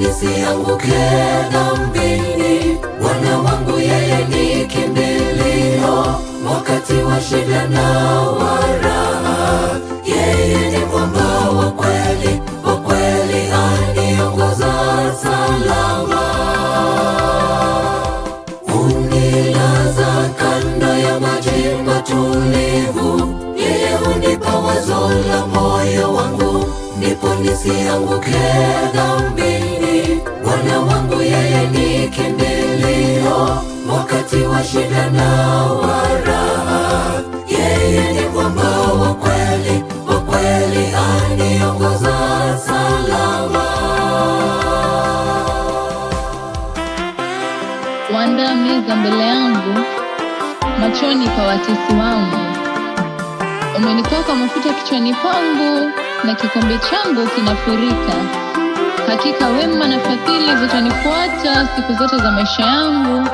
nisianguke dhambini. Bwana wangu yeye ni kimbilio, wakati wa shida na wa Yeye ni mwamba wa kweli, wa kweli aniongoza salama. Unilaza kando ya maji matulivu, yeye hunipa wazo la moyo wangu, ndipo nisianguke dhambini ni kimbilio wakati wa shida na wa raha. Yeye ni mwamba wa kweli, wa kweli aniongoza salama. wandaa meza mbele yangu machoni pa watesi wangu, umenipaka mafuta kichwani pangu na kikombe changu kinafurika Hakika wema na fadhili zitanifuata siku zote za maisha yangu,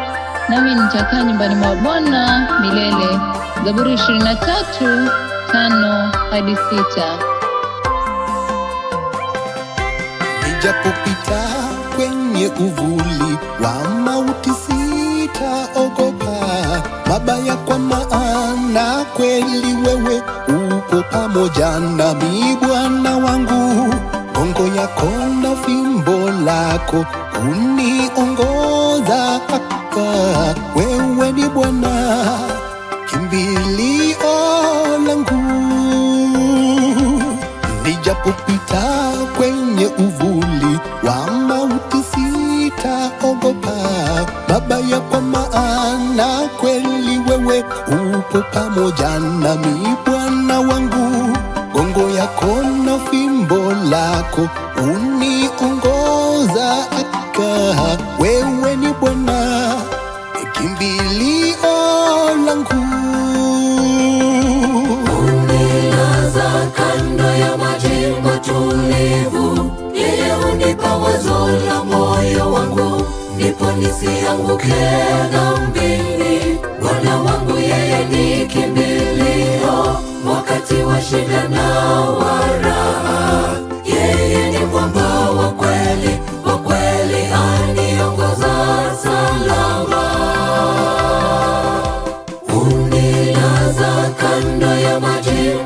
nami nitakaa nyumbani mwa Bwana milele. Zaburi 23 tano hadi 6 japopita kwenye uvuli wa mauti sitaogopa mabaya, kwa maana kweli wewe uko pamoja nami, Bwana wangu, gongo yako wako uniongoza wewe ni Bwana kimbilio langu, nijapopita kwenye uvuli wa mauti sitaogopa mabaya, kwa maana kweli wewe upo pamoja nami, Bwana wangu, gongo yako na fimbo lako uniongoza zaaka, wewe ni Bwana kimbilio langu. Unilaza kando ya maji matulivu yeye hunipa wazo la moyo wangu, ndipo nisianguke dhambini. Bwana wangu yeye ni kimbilio wakati wa shida na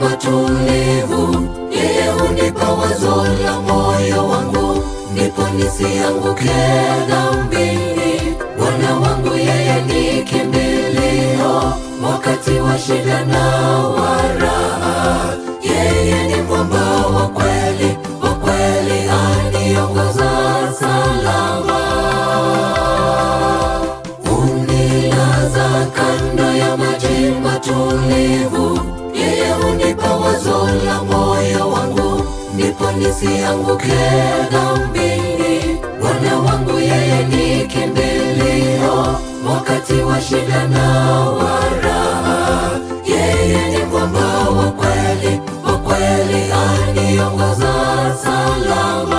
matulivu tulivu, yeye hunipa wazo la moyo wangu, ndipo nisianguke dhambini. Bwana wangu yeye ni kimbilio, wakati wa shida na wara nisianguke dhambini. Bwana wangu yeye ni kimbilio, wakati wa shida na wa raha. Yeye ni mwamba wa kweli, wa kweli aniongoza salama.